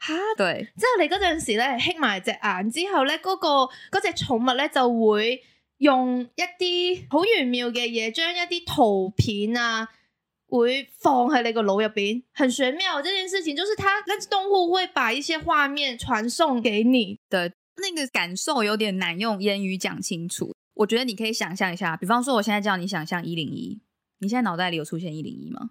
吓，對，之後你嗰陣時咧，翕埋隻眼之後咧，嗰、那個嗰隻寵物咧就會用一啲好玄妙嘅嘢，將一啲圖片啊，會放喺你個腦入邊，很玄妙。這件事情就是它，它那隻、個、動物會把一些畫面傳送給你的，那個感受有點難用言語講清楚。我覺得你可以想象一下，比方說，我現在叫你想象一零一，你現在腦袋裏有出現一零一嗎？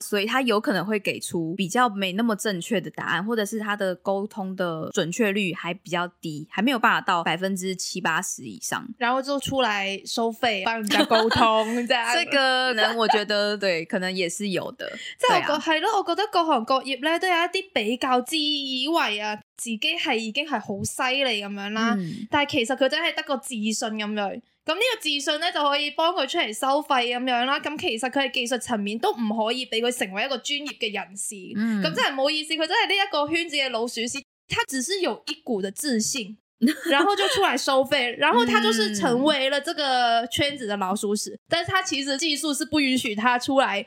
所以他有可能會給出比較沒那麼正確的答案，或者是他的溝通的準確率還比較低，還沒有辦法到百分之七八十以上，然後就出來收費幫人家溝通。 這個可能我覺得 對，可能也是有的。即係、啊，還有我覺得各行各業咧都有一啲比較自以為啊自己係已經係好犀利咁樣啦，嗯，但係其實佢真係得個自信咁樣。咁呢個自信咧，就可以幫佢出嚟收費咁樣啦。咁其實佢係技術層面都唔可以俾佢成為一個專業嘅人士。咁、嗯、真係唔好意思，佢真係呢一個圈子嘅老鼠屎。他只是有一股嘅自信，然後就出來收費， 然後他就是成為了這個圈子嘅老鼠屎。但係，他其實技術是不允許他出來。